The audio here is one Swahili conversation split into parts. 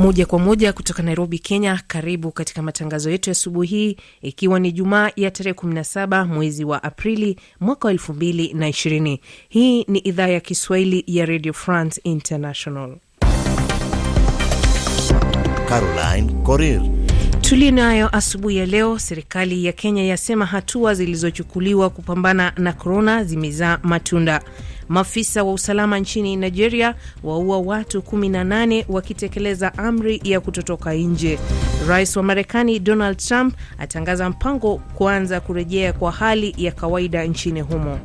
moja kwa moja kutoka Nairobi, Kenya. Karibu katika matangazo yetu ya asubuhi hii, ikiwa ni Jumaa ya tarehe 17 mwezi wa Aprili mwaka wa 2020. Hii ni idhaa ya Kiswahili ya Radio France International. Caroline Corir tulio nayo asubuhi ya leo. Serikali ya Kenya yasema hatua zilizochukuliwa kupambana na korona zimezaa matunda. Maafisa wa usalama nchini Nigeria waua watu 18 wakitekeleza amri ya kutotoka nje. Rais wa Marekani Donald Trump atangaza mpango kuanza kurejea kwa hali ya kawaida nchini humo.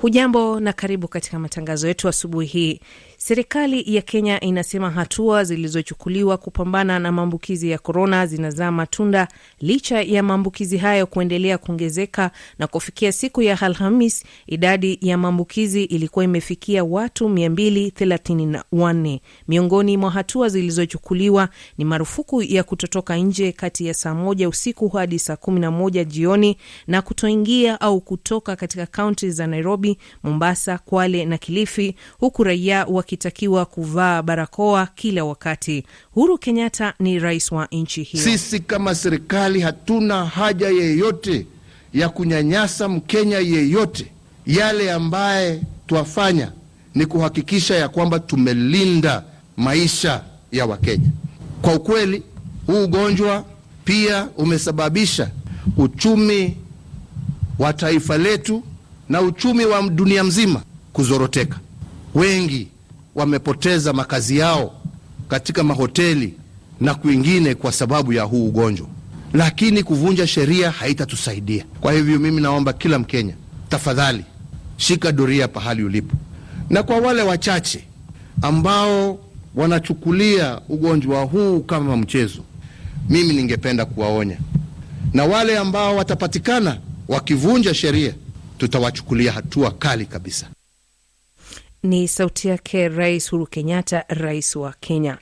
Hujambo na karibu katika matangazo yetu asubuhi hii. Serikali ya Kenya inasema hatua zilizochukuliwa kupambana na maambukizi ya korona zinazaa matunda licha ya maambukizi hayo kuendelea kuongezeka, na kufikia siku ya Alhamis idadi ya maambukizi ilikuwa imefikia watu 234. Miongoni mwa hatua zilizochukuliwa ni marufuku ya kutotoka nje kati ya saa moja usiku hadi saa 11 jioni na kutoingia au kutoka katika kaunti za Nairobi, Mombasa, Kwale na Kilifi, huku raia wa wakitakiwa kuvaa barakoa kila wakati. Uhuru Kenyatta ni rais wa nchi hiyo. Sisi kama serikali hatuna haja yeyote ya kunyanyasa Mkenya yeyote. Yale ambaye twafanya ni kuhakikisha ya kwamba tumelinda maisha ya Wakenya. Kwa ukweli, huu ugonjwa pia umesababisha uchumi wa taifa letu na uchumi wa dunia mzima kuzoroteka. Wengi wamepoteza makazi yao katika mahoteli na kwingine kwa sababu ya huu ugonjwa, lakini kuvunja sheria haitatusaidia. Kwa hivyo mimi naomba kila Mkenya tafadhali, shika doria pahali ulipo, na kwa wale wachache ambao wanachukulia ugonjwa huu kama mchezo, mimi ningependa kuwaonya, na wale ambao watapatikana wakivunja sheria, tutawachukulia hatua kali kabisa. Ni sauti yake Rais huru Kenyatta, rais wa Kenya.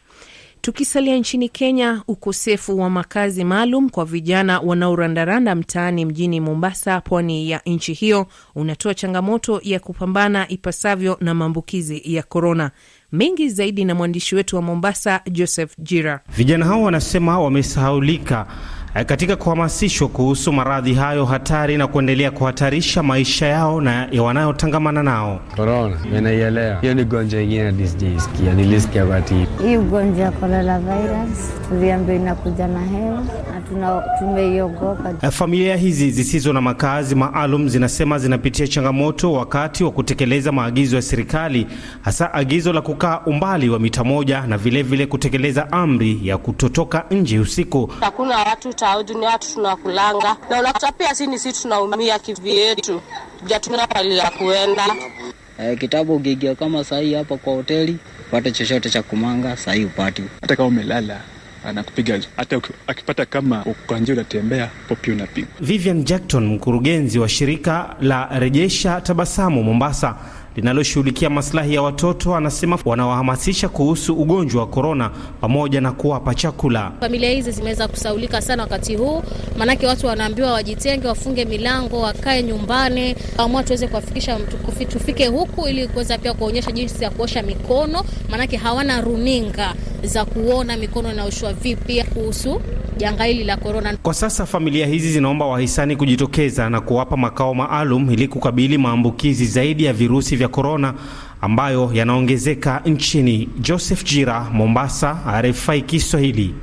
Tukisalia nchini Kenya, ukosefu wa makazi maalum kwa vijana wanaorandaranda mtaani mjini Mombasa, pwani ya nchi hiyo, unatoa changamoto ya kupambana ipasavyo na maambukizi ya korona. Mengi zaidi na mwandishi wetu wa Mombasa, Joseph Jira. Vijana hao wanasema wamesahaulika Eh, katika kuhamasishwa kuhusu maradhi hayo hatari na kuendelea kuhatarisha maisha yao na ya wanayotangamana nao. Korona menaielewa hiyo ni gonjwa ingine nisijisikia, nilisikia kati hii ugonjwa ya korona virus tuliambiwa inakuja na hewa na tumeiogopa. Eh, familia hizi zisizo na makazi maalum zinasema zinapitia changamoto wakati wa kutekeleza maagizo ya serikali, hasa agizo la kukaa umbali wa mita moja na vilevile vile kutekeleza amri ya kutotoka nje usiku. Hakuna watu saudi dunia watu tunakulanga, na unakuta pia sini si tunaumia kivyetu, jatumia pali ya kuenda eh, kitabu gigia kama sahii hapa kwa hoteli upate chochote cha kumanga sahii upati, hata kama umelala anakupiga hata akipata kama uko unatembea popi unapiga. Vivian Jackton, mkurugenzi wa shirika la Rejesha Tabasamu Mombasa linaloshughulikia maslahi ya watoto anasema wanawahamasisha kuhusu ugonjwa wa korona pamoja na kuwapa chakula. Familia hizi zimeweza kusaulika sana wakati huu, maanake watu wanaambiwa wajitenge, wafunge milango, wakae nyumbani. Amua tuweze kuwafikisha, tufike huku ili kuweza pia kuonyesha jinsi ya kuosha mikono, maanake hawana runinga za kuona mikono inaoshwa vipi kuhusu janga hili la korona. Kwa sasa familia hizi zinaomba wahisani kujitokeza na kuwapa makao maalum ili kukabili maambukizi zaidi ya virusi vya korona ambayo yanaongezeka nchini. Joseph Jira, Mombasa, RFI Kiswahili.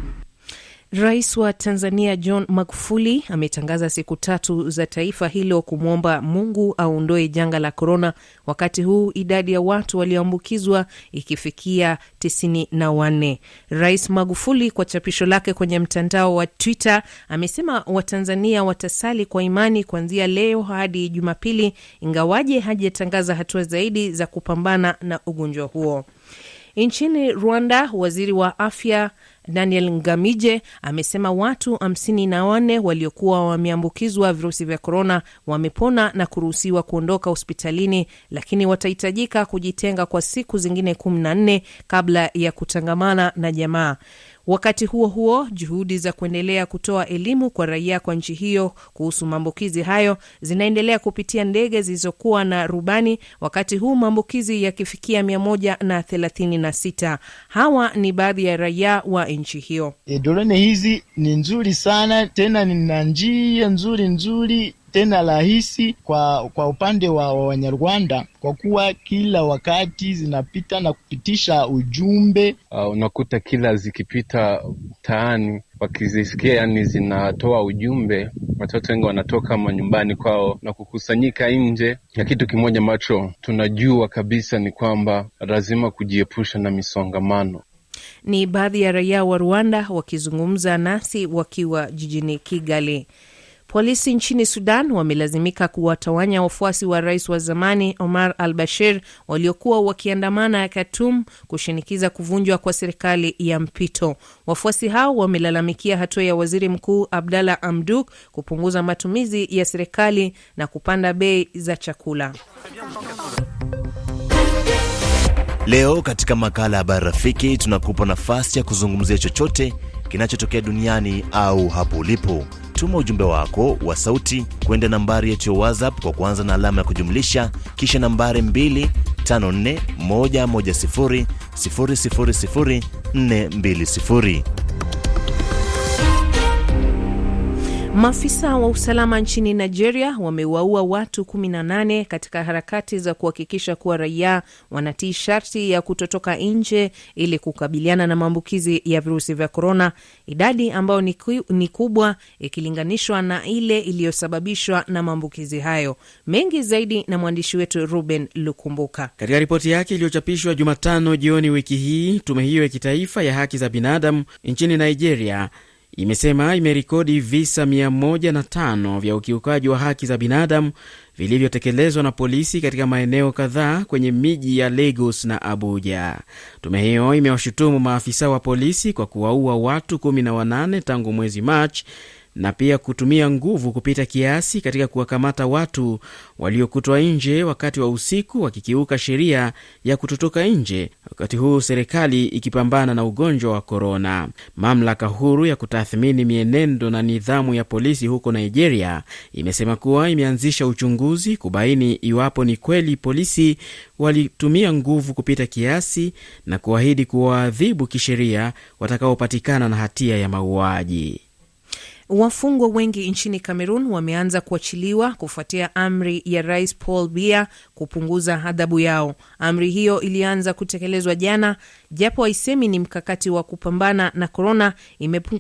Rais wa Tanzania John Magufuli ametangaza siku tatu za taifa hilo kumwomba Mungu aondoe janga la korona, wakati huu idadi ya watu walioambukizwa ikifikia tisini na wanne. Rais Magufuli kwa chapisho lake kwenye mtandao wa Twitter amesema Watanzania watasali kwa imani kuanzia leo hadi Jumapili, ingawaje hajatangaza hatua zaidi za kupambana na ugonjwa huo. Nchini Rwanda, waziri wa afya Daniel Ngamije amesema watu hamsini na wanne waliokuwa wameambukizwa virusi vya korona wamepona na kuruhusiwa kuondoka hospitalini, lakini watahitajika kujitenga kwa siku zingine kumi na nne kabla ya kutangamana na jamaa. Wakati huo huo, juhudi za kuendelea kutoa elimu kwa raia kwa nchi hiyo kuhusu maambukizi hayo zinaendelea kupitia ndege zilizokuwa na rubani, wakati huu maambukizi yakifikia 136. Hawa ni baadhi ya raia wa nchi hiyo. E, dorone hizi ni nzuri sana tena, nina njia nzuri nzuri tena rahisi kwa, kwa upande wa Wanyarwanda kwa kuwa kila wakati zinapita na kupitisha ujumbe. Uh, unakuta kila zikipita mtaani wakizisikia, yani zinatoa ujumbe. Watoto wengi wanatoka manyumbani kwao na kukusanyika nje, na kitu kimoja ambacho tunajua kabisa ni kwamba lazima kujiepusha na misongamano. Ni baadhi ya raia wa Rwanda wakizungumza nasi wakiwa jijini Kigali. Polisi nchini Sudan wamelazimika kuwatawanya wafuasi wa rais wa zamani Omar al Bashir waliokuwa wakiandamana Khartoum kushinikiza kuvunjwa kwa serikali ya mpito. Wafuasi hao wamelalamikia hatua ya waziri mkuu Abdallah Hamdok kupunguza matumizi ya serikali na kupanda bei za chakula. Leo katika makala ya Habari Rafiki tunakupa nafasi ya kuzungumzia chochote kinachotokea duniani au hapo ulipo. Tuma ujumbe wako wa sauti kwenda nambari yetu ya WhatsApp kwa kuanza na alama ya kujumlisha kisha nambari 254110000420. Maafisa wa usalama nchini Nigeria wamewaua watu 18 katika harakati za kuhakikisha kuwa raia wanatii sharti ya kutotoka nje ili kukabiliana na maambukizi ya virusi vya korona, idadi ambayo ni kubwa ikilinganishwa na ile iliyosababishwa na maambukizi hayo. Mengi zaidi na mwandishi wetu Ruben Lukumbuka. Katika ripoti yake iliyochapishwa Jumatano jioni wiki hii, tume hiyo ya kitaifa ya haki za binadamu nchini Nigeria imesema imerekodi visa 105 vya ukiukaji wa haki za binadamu vilivyotekelezwa na polisi katika maeneo kadhaa kwenye miji ya Lagos na Abuja. Tume hiyo imewashutumu maafisa wa polisi kwa kuwaua watu 18 tangu mwezi Machi na pia kutumia nguvu kupita kiasi katika kuwakamata watu waliokutwa nje wakati wa usiku wakikiuka sheria ya kutotoka nje, wakati huu serikali ikipambana na ugonjwa wa korona. Mamlaka huru ya kutathmini mienendo na nidhamu ya polisi huko Nigeria imesema kuwa imeanzisha uchunguzi kubaini iwapo ni kweli polisi walitumia nguvu kupita kiasi na kuahidi kuwaadhibu kisheria watakaopatikana na hatia ya mauaji. Wafungwa wengi nchini Kamerun wameanza kuachiliwa kufuatia amri ya Rais Paul Biya kupunguza adhabu yao. Amri hiyo ilianza kutekelezwa jana, japo haisemi ni mkakati wa kupambana na korona.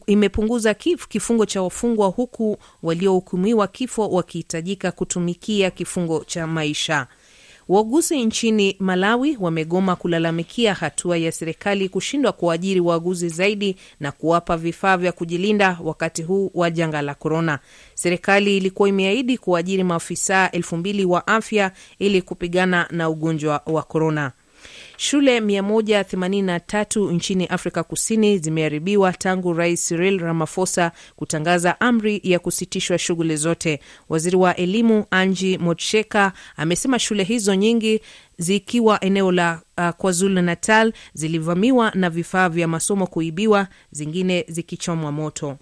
Imepunguza kif, kifungo cha wafungwa, huku waliohukumiwa kifo wakihitajika kutumikia kifungo cha maisha. Wauguzi nchini Malawi wamegoma kulalamikia hatua ya serikali kushindwa kuajiri wauguzi zaidi na kuwapa vifaa vya kujilinda wakati huu wa janga la korona. Serikali ilikuwa imeahidi kuajiri maafisa elfu mbili wa afya ili kupigana na ugonjwa wa korona. Shule 183 nchini Afrika Kusini zimeharibiwa tangu Rais Cyril Ramaphosa kutangaza amri ya kusitishwa shughuli zote. Waziri wa elimu Anji Motsheka amesema shule hizo nyingi zikiwa eneo la uh, KwaZulu Natal zilivamiwa na vifaa vya masomo kuibiwa, zingine zikichomwa moto.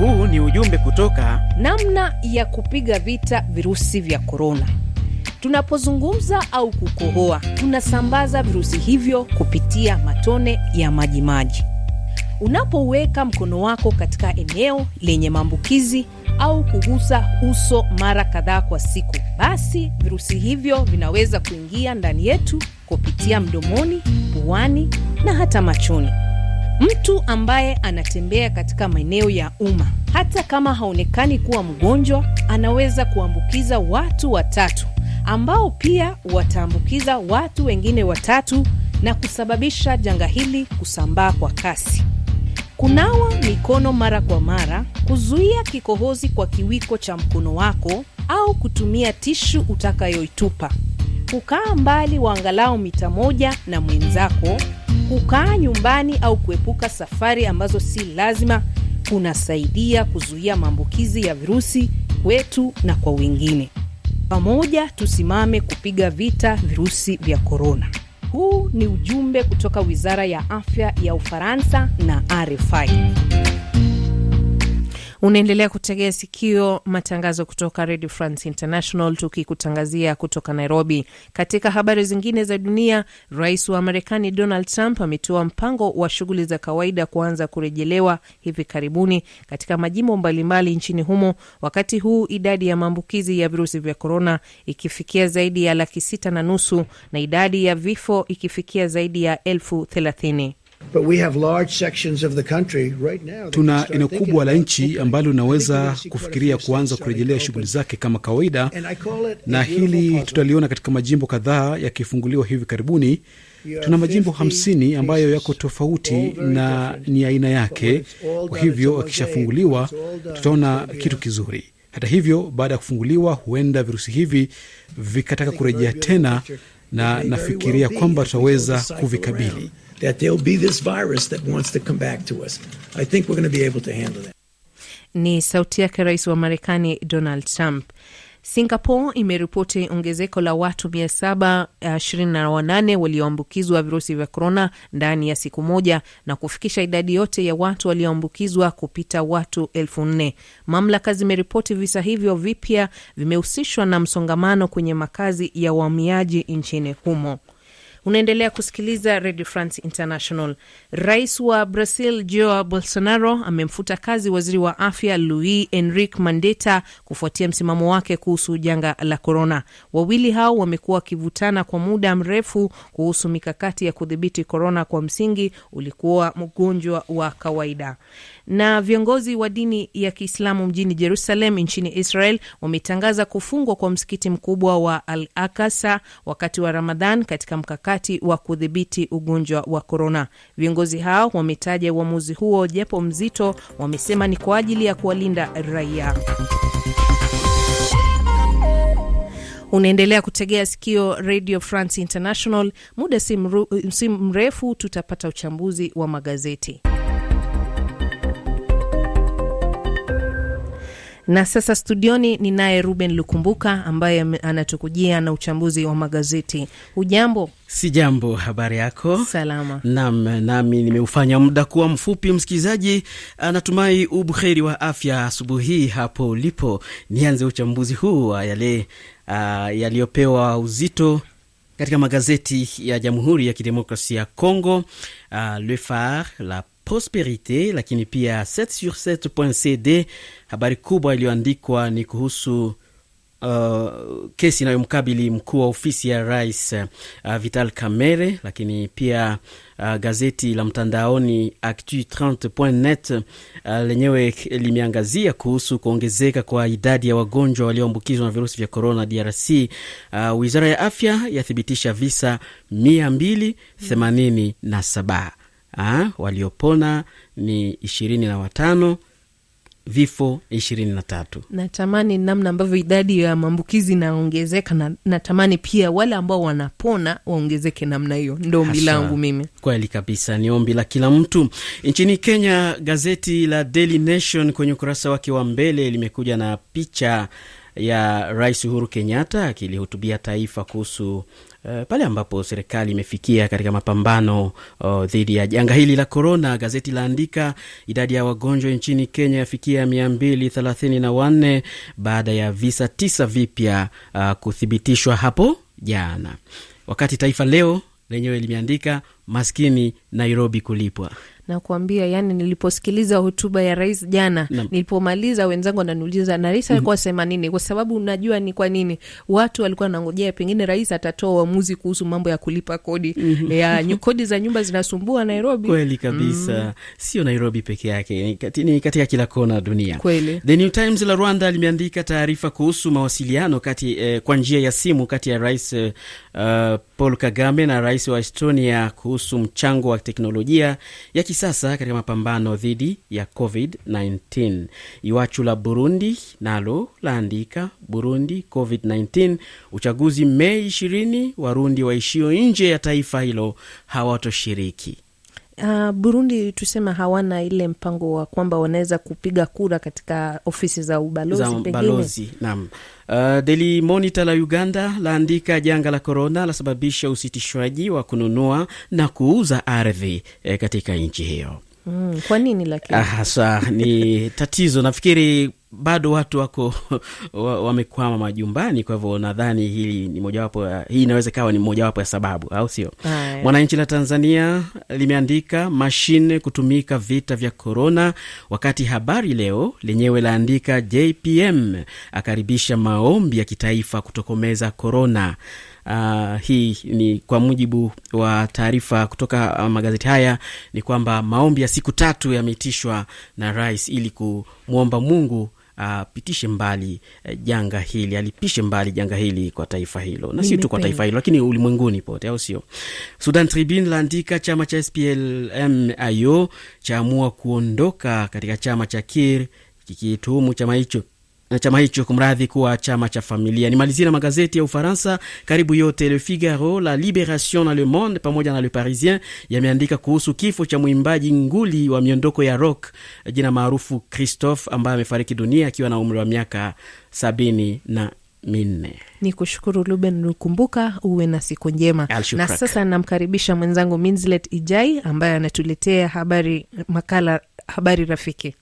Huu ni ujumbe kutoka namna ya kupiga vita virusi vya korona. Tunapozungumza au kukohoa, tunasambaza virusi hivyo kupitia matone ya majimaji. Unapoweka mkono wako katika eneo lenye maambukizi au kugusa uso mara kadhaa kwa siku, basi virusi hivyo vinaweza kuingia ndani yetu kupitia mdomoni, puani na hata machoni. Mtu ambaye anatembea katika maeneo ya umma, hata kama haonekani kuwa mgonjwa, anaweza kuambukiza watu watatu ambao pia wataambukiza watu wengine watatu na kusababisha janga hili kusambaa kwa kasi. Kunawa mikono mara kwa mara, kuzuia kikohozi kwa kiwiko cha mkono wako au kutumia tishu utakayoitupa, kukaa mbali wa angalau mita moja na mwenzako, kukaa nyumbani au kuepuka safari ambazo si lazima kunasaidia kuzuia maambukizi ya virusi kwetu na kwa wengine. Pamoja tusimame kupiga vita virusi vya korona. Huu ni ujumbe kutoka Wizara ya Afya ya Ufaransa na RFI. Unaendelea kutegea sikio matangazo kutoka Radio France International, tukikutangazia kutoka Nairobi. Katika habari zingine za dunia, rais wa Marekani Donald Trump ametoa mpango wa shughuli za kawaida kuanza kurejelewa hivi karibuni katika majimbo mbalimbali nchini humo, wakati huu idadi ya maambukizi ya virusi vya korona ikifikia zaidi ya laki sita na nusu na idadi ya vifo ikifikia zaidi ya elfu thelathini. Tuna eneo kubwa la nchi ambalo linaweza kufikiria kuanza kurejelea shughuli zake kama kawaida, na hili tutaliona katika majimbo kadhaa yakifunguliwa hivi karibuni. Tuna majimbo hamsini ambayo yako tofauti na ni aina yake. Kwa hivyo akishafunguliwa, tutaona kitu kizuri. Hata hivyo, baada ya kufunguliwa, huenda virusi hivi vikataka kurejea tena, na nafikiria kwamba tutaweza kuvikabili that there'll be this virus that wants to come back to us. I think we're going to be able to handle that. Ni sauti yake Rais wa Marekani Donald Trump. Singapore imeripoti ongezeko la watu 728 eh, walioambukizwa virusi vya korona ndani ya siku moja na kufikisha idadi yote ya watu walioambukizwa kupita watu elfu nne. Mamlaka zimeripoti visa hivyo vipya vimehusishwa na msongamano kwenye makazi ya wahamiaji nchini humo. Unaendelea kusikiliza Radio France International. Rais wa Brazil joa Bolsonaro amemfuta kazi waziri wa afya louis Henrique mandeta kufuatia msimamo wake kuhusu janga la korona. Wawili hao wamekuwa wakivutana kwa muda mrefu kuhusu mikakati ya kudhibiti korona, kwa msingi ulikuwa mgonjwa wa kawaida. Na viongozi wa dini ya Kiislamu mjini Jerusalem nchini Israel wametangaza kufungwa kwa msikiti mkubwa wa Al Akasa wakati wa Ramadhan katika mkakati wa kudhibiti ugonjwa wa korona. Viongozi hao wametaja uamuzi huo japo mzito, wamesema ni kwa ajili ya kuwalinda raia. Unaendelea kutegea sikio Radio France International. Muda si mrefu tutapata uchambuzi wa magazeti. Na sasa studioni ni naye Ruben Lukumbuka ambaye anatukujia na uchambuzi wa magazeti. ujambo Si jambo, habari yako? Salama. Naam, nami nimeufanya muda kuwa mfupi. Msikilizaji, natumai ubuheri wa afya asubuhi hii hapo ulipo. Nianze uchambuzi huu wa yale uh, yaliyopewa uzito katika magazeti ya Jamhuri ya Kidemokrasia ya congo Uh, ah, Le Phare, la Prosperity, lakini pia 7sur7.cd. Habari kubwa iliyoandikwa ni kuhusu Uh, kesi inayomkabili mkuu wa ofisi ya rais uh, Vital Kamerhe, lakini pia uh, gazeti la mtandaoni actu30.net uh, lenyewe limeangazia kuhusu kuongezeka kwa idadi ya wagonjwa walioambukizwa na virusi vya korona DRC. Uh, wizara ya afya yathibitisha visa 287. Aa, ah, waliopona ni ishirini na watano vifo ishirini na tatu. Natamani namna ambavyo idadi ya maambukizi inaongezeka na, natamani pia wale ambao wanapona waongezeke namna hiyo, ndo ombi langu mimi. Kweli kabisa, ni ombi la kila mtu. Nchini Kenya, gazeti la Daily Nation kwenye ukurasa wake wa mbele limekuja na picha ya Rais Uhuru Kenyatta akilihutubia taifa kuhusu Eh, pale ambapo serikali imefikia katika mapambano dhidi ya janga hili la korona. Gazeti laandika idadi ya wagonjwa nchini Kenya yafikia mia mbili thelathini na wanne baada ya visa tisa vipya kuthibitishwa hapo jana, wakati Taifa Leo lenyewe limeandika maskini Nairobi kulipwa Nakuambia, yani niliposikiliza hotuba ya rais jana Nilipomaliza wenzangu wananiuliza na rais alikuwa mm -hmm. sema nini, kwa sababu unajua ni kwa nini watu walikuwa wanangojea pengine rais atatoa uamuzi kuhusu mambo ya kulipa kodi mm -hmm. ya kodi za nyumba zinasumbua Nairobi. Kweli kabisa mm -hmm. Sio Nairobi peke yake, ni katika kila kona dunia kweli. The New Times la Rwanda limeandika taarifa kuhusu mawasiliano kati eh, kwa njia ya simu kati ya rais eh, eh Paul Kagame na rais wa Estonia kuhusu mchango wa teknolojia ya sasa katika mapambano dhidi ya COVID-19. Iwachu la Burundi nalo laandika Burundi COVID-19, uchaguzi Mei 20, Warundi waishio nje ya taifa hilo hawatoshiriki. Uh, Burundi tusema hawana ile mpango wa kwamba wanaweza kupiga kura katika ofisi za ubalozi za balozi. Naam. Uh, Daily Monitor la Uganda laandika janga la korona lasababisha usitishwaji wa kununua na kuuza ardhi eh, katika nchi hiyo. Mm, kwa nini lakini? Ah, Hasa ni tatizo nafikiri bado watu wako wamekwama majumbani. Kwa hivyo nadhani hili ni mojawapo, hii inaweza ikawa ni mojawapo ya sababu, au sio? Mwananchi la Tanzania limeandika mashine kutumika vita vya korona, wakati Habari Leo lenyewe laandika JPM akaribisha maombi ya kitaifa kutokomeza korona. Uh, ah, hii ni kwa mujibu wa taarifa kutoka uh, magazeti haya ni kwamba maombi ya siku tatu yameitishwa na rais ili kumwomba Mungu apitishe mbali eh, janga hili, alipishe mbali janga hili kwa taifa hilo, na si tu kwa taifa hilo lakini ulimwenguni pote, au sio? Sudan Tribune laandika chama cha splm chaamua kuondoka katika chama cha Kir kikituhumu chama hicho Eh, chama hicho kumradhi, kuwa chama cha familia. Nimalizie na magazeti ya Ufaransa karibu yote, Le Figaro, La Liberation na Le Monde pamoja na Le Parisien yameandika kuhusu kifo cha mwimbaji nguli wa miondoko ya rock eh, jina maarufu Christophe ambaye amefariki dunia akiwa na umri wa miaka sabini na minne. Ni kushukuru Luben Lukumbuka, uwe na siku njema. Na sasa namkaribisha mwenzangu Minslet Ijai ambaye anatuletea habari makala habari rafiki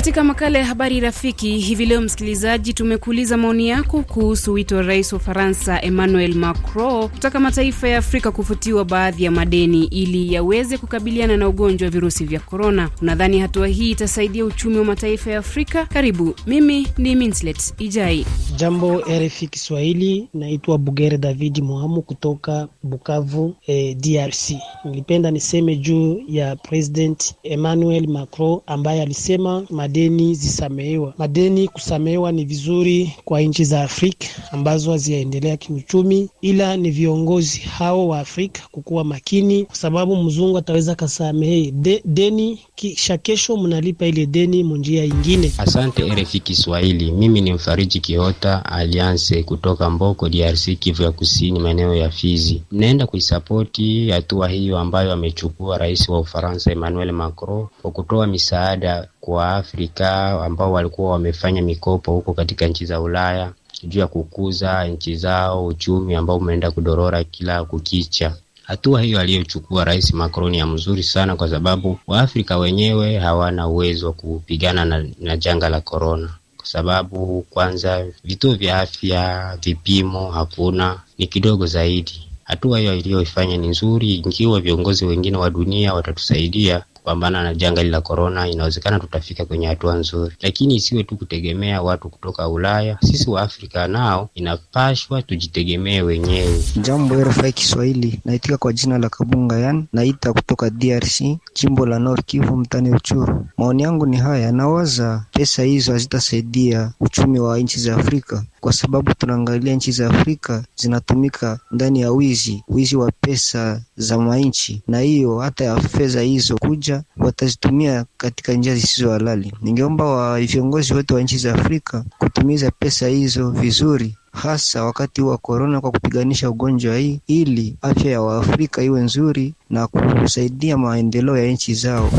katika makala ya habari rafiki hivi leo, msikilizaji, tumekuuliza maoni yako kuhusu wito wa rais wa Faransa Emmanuel Macron kutaka mataifa ya Afrika kufutiwa baadhi ya madeni ili yaweze kukabiliana na ugonjwa wa virusi vya korona. Unadhani hatua hii itasaidia uchumi wa mataifa ya Afrika? Karibu, mimi ni Minslet Ijai. Jambo RFI Kiswahili, naitwa Bugere David Mohamu kutoka Bukavu, eh, DRC. Nilipenda niseme juu ya President Emmanuel Macron ambaye alisema madeni zisamehewa. Madeni kusamehewa ni vizuri kwa nchi za Afrika ambazo haziyaendelea kiuchumi, ila ni viongozi hao wa Afrika kukuwa makini, kwa sababu mzungu ataweza kasamehe de, deni kisha kesho mnalipa ile deni munjia ingine. Asante RFI Kiswahili, mimi ni Mfariji Kiota Alliance kutoka Mboko, DRC, Kivu ya Kusini, maeneo ya Fizi. Mnaenda kuisapoti hatua hiyo ambayo amechukua rais wa Ufaransa Emmanuel Macron kwa kutoa misaada kwa Afrika ambao walikuwa wamefanya mikopo huko katika nchi za Ulaya juu ya kukuza nchi zao uchumi ambao umeenda kudorora kila kukicha. Hatua hiyo aliyochukua Rais Macron ya mzuri sana, kwa sababu Waafrika wenyewe hawana uwezo wa kupigana na, na janga la korona, kwa sababu kwanza vituo vya afya, vipimo hakuna, ni kidogo zaidi. Hatua hiyo iliyoifanya ni nzuri. Ikiwa viongozi wengine wa dunia watatusaidia, kupambana na janga la korona, inawezekana tutafika kwenye hatua nzuri, lakini isiwe tu kutegemea watu kutoka Ulaya. Sisi wa Afrika nao inapashwa tujitegemee wenyewe. Jambo RFI Kiswahili, naitika kwa jina la Kabunga Yan, naita kutoka DRC, jimbo la North Kivu, mtani Uchuru. Maoni yangu ni haya, nawaza pesa hizo hazitasaidia uchumi wa nchi za Afrika kwa sababu tunaangalia nchi za Afrika zinatumika ndani ya wizi, wizi wa pesa za manchi, na hiyo hata ya fedha hizo kuja watazitumia katika njia zisizo halali. Ningeomba wa viongozi wote wa nchi za Afrika kutumiza pesa hizo vizuri hasa wakati wa korona kwa kupiganisha ugonjwa hii ili afya ya Waafrika iwe nzuri na kusaidia maendeleo ya nchi zao.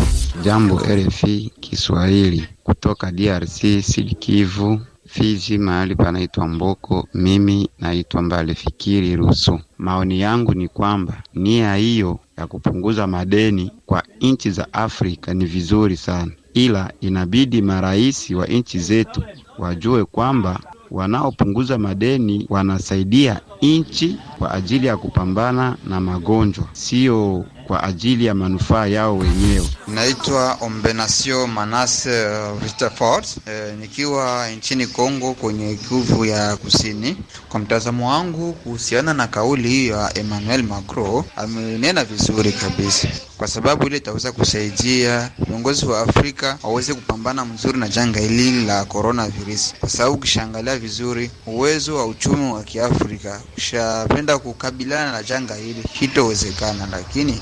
Jambo RFI Kiswahili kutoka DRC Sud Kivu. Fizi mahali panaitwa Mboko. Mimi naitwa Mbale Fikiri Rusu. Maoni yangu ni kwamba nia hiyo ya kupunguza madeni kwa nchi za Afrika ni vizuri sana, ila inabidi marais wa nchi zetu wajue kwamba wanaopunguza madeni wanasaidia nchi kwa ajili ya kupambana na magonjwa, sio kwa ajili ya manufaa yao wenyewe. Naitwa Ombenasio Manase uh, Rutherford, e, nikiwa nchini Kongo kwenye Kivu ya Kusini. Kwa mtazamo wangu kuhusiana na kauli hiyo ya Emmanuel Macron, amenena vizuri kabisa, kwa sababu ile itaweza kusaidia viongozi wa Afrika waweze kupambana mzuri na janga hili la coronavirus, kwa sababu ukishaangalia vizuri uwezo wa uchumi wa Kiafrika ushapenda kukabiliana na janga hili hitowezekana, lakini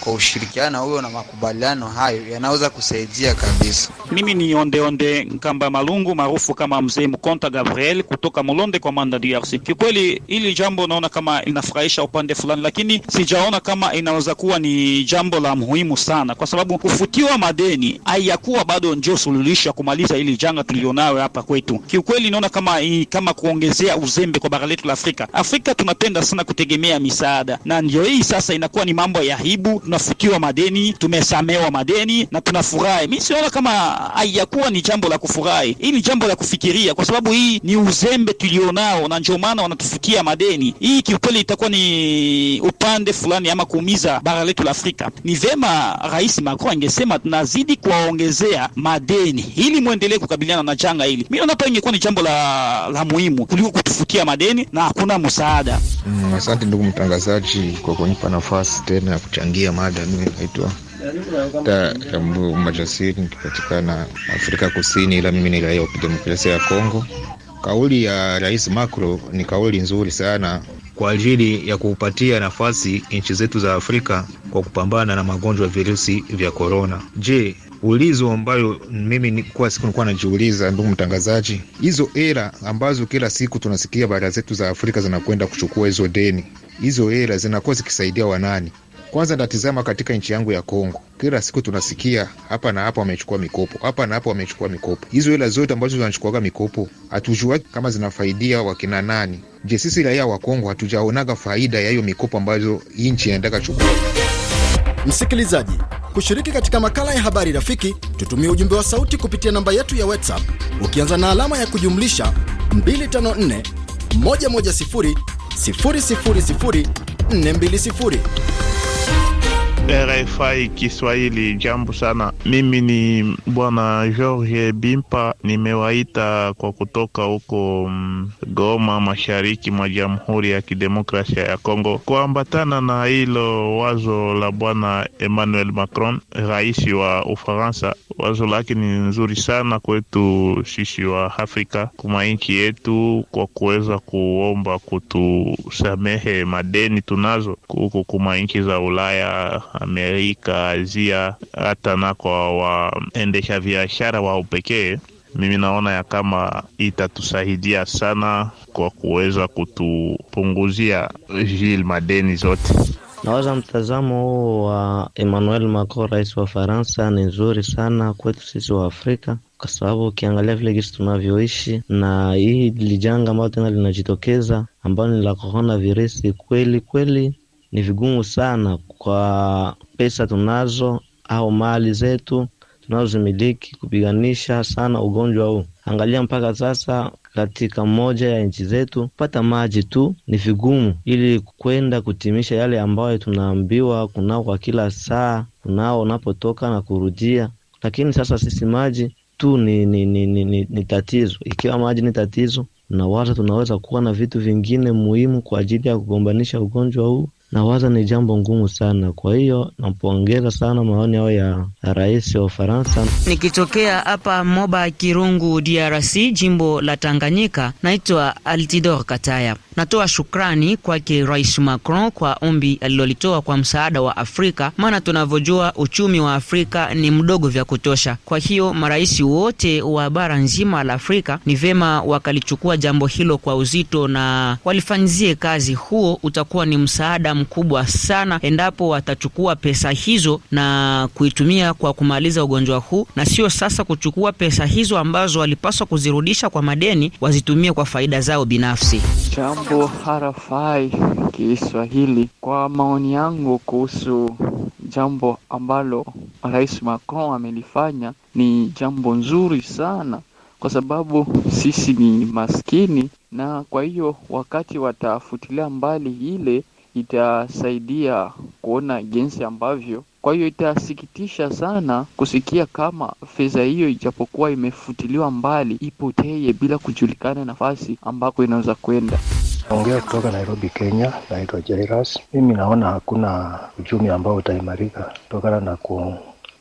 kwa ushirikiano huo na makubaliano hayo yanaweza kusaidia kabisa. Mimi ni Ondeonde Nkamba Malungu maarufu kama Mzee Mkonta Gabriel kutoka Mulonde kwa Manda, DRC. Kikweli hili jambo naona kama inafurahisha upande fulani, lakini sijaona kama inaweza kuwa ni jambo la muhimu sana, kwa sababu kufutiwa madeni haiyakuwa bado ndio suluhisho ya kumaliza hili janga tulionayo hapa kwetu. Kiukweli naona kama hii kama kuongezea uzembe kwa bara letu la Afrika. Afrika tunapenda sana kutegemea misaada, na ndio hii sasa inakuwa ni mambo ya hibu tunafukiwa madeni, tumesamewa madeni na tunafurahi. Mimi siona kama haijakuwa ni jambo la kufurahi, hii ni jambo la kufikiria, kwa sababu hii ni uzembe tulionao, na ndio maana wanatufukia madeni. Hii kiukweli itakuwa ni upande fulani ama kuumiza bara letu la Afrika. Ni vema Rais Macron angesema tunazidi kuwaongezea madeni ili mwendelee kukabiliana na janga hili. Mimi naona ingekuwa ni jambo la, la muhimu kuliko kutufukia madeni na hakuna msaada. Mm, asante ndugu mtangazaji kwa kunipa nafasi tena ya kuchangia mada mimi naitwa ta Rambu Majasiri, nikipatikana Afrika Kusini, ila mimi ni raia wa demokrasia ya Kongo. Kauli ya Rais macro ni kauli nzuri sana kwa ajili ya kuupatia nafasi nchi zetu za Afrika kwa kupambana na magonjwa virusi vya korona. Je, ulizo ambayo mimi kwa siku nilikuwa najiuliza, ndugu mtangazaji, hizo era ambazo kila siku tunasikia bara zetu za Afrika zinakwenda kuchukua hizo deni, hizo era zinakuwa zikisaidia wanani? Kwanza natizama katika nchi yangu ya Kongo, kila siku tunasikia hapa na hapa wamechukua mikopo, hapa na hapa wamechukua mikopo. Hizo hela zote ambazo zinachukuaga mikopo hatujua kama zinafaidia wakina nani? Je, sisi raia wa Kongo hatujaonaga faida ya hiyo mikopo ambazo hii nchi inaendaka chukua? Msikilizaji, kushiriki katika makala ya habari rafiki, tutumie ujumbe wa sauti kupitia namba yetu ya WhatsApp ukianza na alama ya kujumlisha 254 nne mbili sifuri. Thank you. RFI Kiswahili, jambo sana. Mimi ni bwana George Bimpa, nimewaita kwa kutoka huko mm, Goma, mashariki mwa Jamhuri ya Kidemokrasia ya Kongo, kuambatana na hilo wazo la bwana Emmanuel Macron, rais wa Ufaransa. Wazo lake ni nzuri sana kwetu sisi wa Afrika, kuma nchi yetu, kwa kuweza kuomba kutusamehe madeni tunazo huko kuma nchi za Ulaya Amerika, Asia, hata na kwa waendesha biashara wao pekee. Mimi naona ya kama itatusaidia sana kwa kuweza kutupunguzia jil madeni zote. Nawaza mtazamo huo wa Emmanuel Macron, rais wa Faransa, ni nzuri sana kwetu sisi wa Afrika kwa sababu ukiangalia vile gisi tunavyoishi na hii lijanga ambayo tena linajitokeza ambayo ni la korona virusi, kweli kweli ni vigumu sana kwa pesa tunazo au mali zetu tunazozimiliki kupiganisha sana ugonjwa huu. Angalia mpaka sasa katika moja ya nchi zetu kupata maji tu ni vigumu, ili kwenda kutimisha yale ambayo tunaambiwa kunao kwa kila saa, kunao unapotoka na kurudia. Lakini sasa sisi maji tu ni, ni, ni, ni, ni, ni tatizo. Ikiwa maji ni tatizo na watu tunaweza kuwa na vitu vingine muhimu kwa ajili ya kugombanisha ugonjwa huu nawaza ni jambo ngumu sana. Kwa hiyo napongeza sana maoni yao ya rais wa Ufaransa. Nikitokea hapa Moba Kirungu, DRC, jimbo la Tanganyika, naitwa Altidor Kataya. Natoa shukrani kwake Rais Macron kwa ombi alilolitoa kwa msaada wa Afrika, maana tunavyojua uchumi wa Afrika ni mdogo vya kutosha. Kwa hiyo marais wote wa bara nzima la Afrika ni vema wakalichukua jambo hilo kwa uzito na walifanyizie kazi. Huo utakuwa ni msaada mkubwa sana endapo watachukua pesa hizo na kuitumia kwa kumaliza ugonjwa huu, na sio sasa kuchukua pesa hizo ambazo walipaswa kuzirudisha kwa madeni, wazitumie kwa faida zao binafsi. Jambo harafai Kiswahili, kwa maoni yangu kuhusu jambo ambalo Rais Macron amelifanya ni jambo nzuri sana, kwa sababu sisi ni maskini, na kwa hiyo wakati watafutilia mbali ile itasaidia kuona jinsi ambavyo. Kwa hiyo itasikitisha sana kusikia kama fedha hiyo ijapokuwa imefutiliwa mbali ipoteye bila kujulikana nafasi ambako inaweza kwenda. Ongea kutoka Nairobi, Kenya. Naitwa Jairas. Mimi naona hakuna uchumi ambao utaimarika kutokana na ku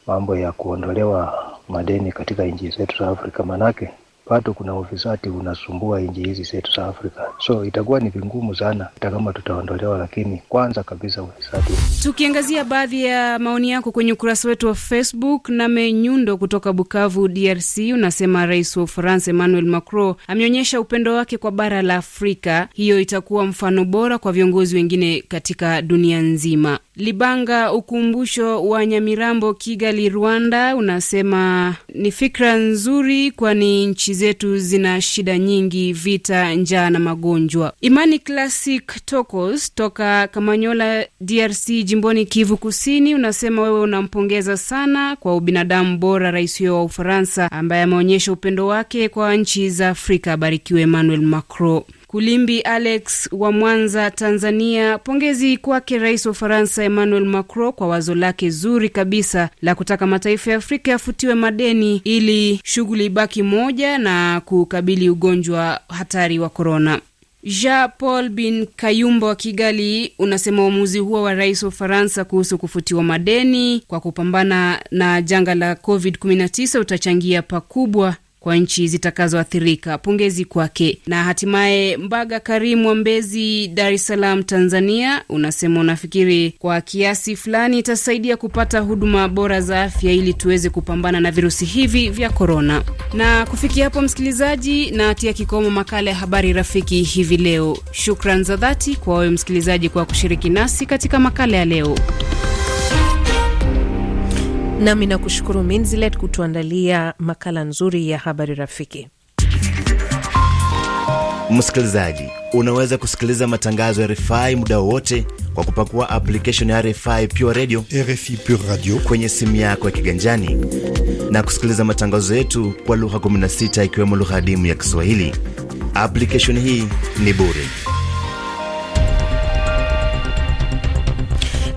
mambo ya kuondolewa madeni katika nchi zetu za Afrika, manake bado kuna ufisadi unasumbua nchi hizi zetu za Afrika. So itakuwa ni vingumu sana hata kama tutaondolewa, lakini kwanza kabisa ufisadi. Tukiangazia baadhi ya maoni yako kwenye ukurasa wetu wa Facebook, na Menyundo kutoka Bukavu, DRC, unasema rais wa Ufaransa Emmanuel Macron ameonyesha upendo wake kwa bara la Afrika. Hiyo itakuwa mfano bora kwa viongozi wengine katika dunia nzima. Libanga ukumbusho wa Nyamirambo, Kigali, Rwanda, unasema ni fikra nzuri, kwani nchi zetu zina shida nyingi, vita, njaa na magonjwa. Imani Classic Tokos toka Kamanyola, DRC, jimboni Kivu Kusini, unasema wewe unampongeza sana kwa ubinadamu bora rais huyo wa Ufaransa ambaye ameonyesha upendo wake kwa nchi za Afrika. Abarikiwe Emmanuel Macron. Kulimbi Alex wa Mwanza, Tanzania, pongezi kwake Rais wa Ufaransa Emmanuel Macron kwa wazo lake zuri kabisa la kutaka mataifa ya Afrika yafutiwe madeni ili shughuli ibaki moja na kukabili ugonjwa hatari wa korona. Jean Paul Bin Kayumba wa Kigali unasema uamuzi huo wa rais wa Ufaransa kuhusu kufutiwa madeni kwa kupambana na janga la COVID-19 utachangia pakubwa kwa nchi zitakazoathirika. Pongezi kwake. Na hatimaye Mbaga Karimu wa Mbezi, Dar es Salaam, Tanzania, unasema unafikiri kwa kiasi fulani itasaidia kupata huduma bora za afya ili tuweze kupambana na virusi hivi vya korona. Na kufikia hapo, msikilizaji, na atia kikomo makala ya habari rafiki hivi leo. Shukran za dhati kwa wewe msikilizaji kwa kushiriki nasi katika makala ya leo. Nami na kushukuru Minzilet kutuandalia makala nzuri ya habari rafiki. Msikilizaji, unaweza kusikiliza matangazo ya rifai muda wowote kwa kupakua application ya RFI Pure Radio, RFI Pure Radio kwenye simu yako ya kiganjani na kusikiliza matangazo yetu kwa lugha 16 ikiwemo lugha adimu ya Kiswahili. Application hii ni bure.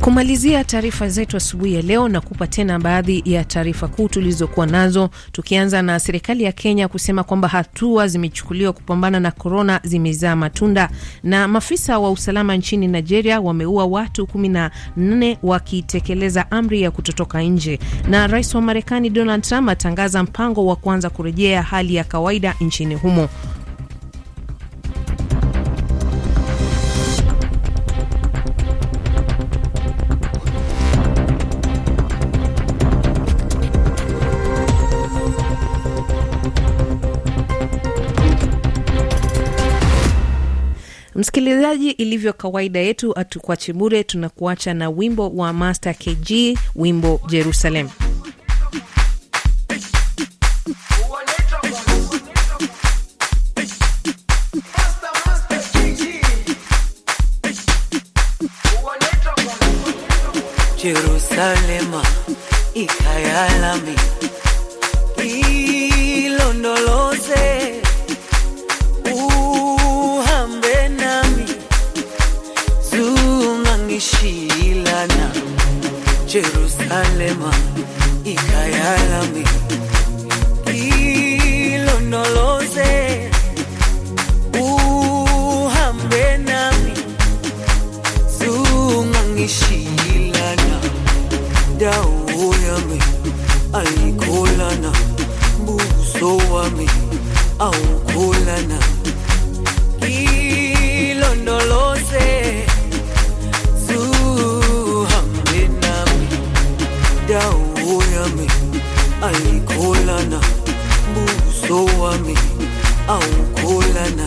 Kumalizia taarifa zetu asubuhi ya leo na kupa tena baadhi ya taarifa kuu tulizokuwa nazo, tukianza na serikali ya Kenya kusema kwamba hatua zimechukuliwa kupambana na korona zimezaa matunda, na maafisa wa usalama nchini Nigeria wameua watu 14 wakitekeleza amri ya kutotoka nje, na rais wa Marekani Donald Trump atangaza mpango wa kuanza kurejea hali ya kawaida nchini humo. Msikilizaji, ilivyo kawaida yetu, atukwache bure, tunakuacha na wimbo wa Master KG, wimbo Jerusalem. Jerusalema ikayalami alema ikayalami yami ayikholana buso wami awukholana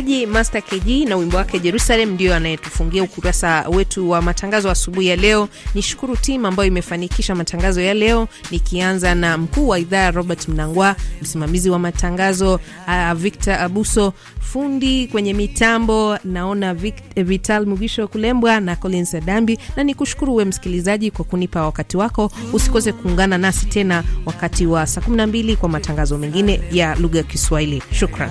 msikilizaji, Master KG na wimbo wake Jerusalem ndio anayetufungia ukurasa wetu wa matangazo asubuhi ya leo. Nishukuru timu ambayo imefanikisha matangazo ya leo, nikianza na mkuu wa idhaa Robert Mnangwa, msimamizi wa matangazo uh, Victor Abuso, fundi kwenye mitambo naona Vic, Vital Mugisho Kulembwa na Colin Sadambi, na nikushukuru we msikilizaji kwa kunipa wakati wako. Usikose kuungana nasi tena wakati wa saa 12 kwa matangazo mengine ya lugha ya Kiswahili. Shukran.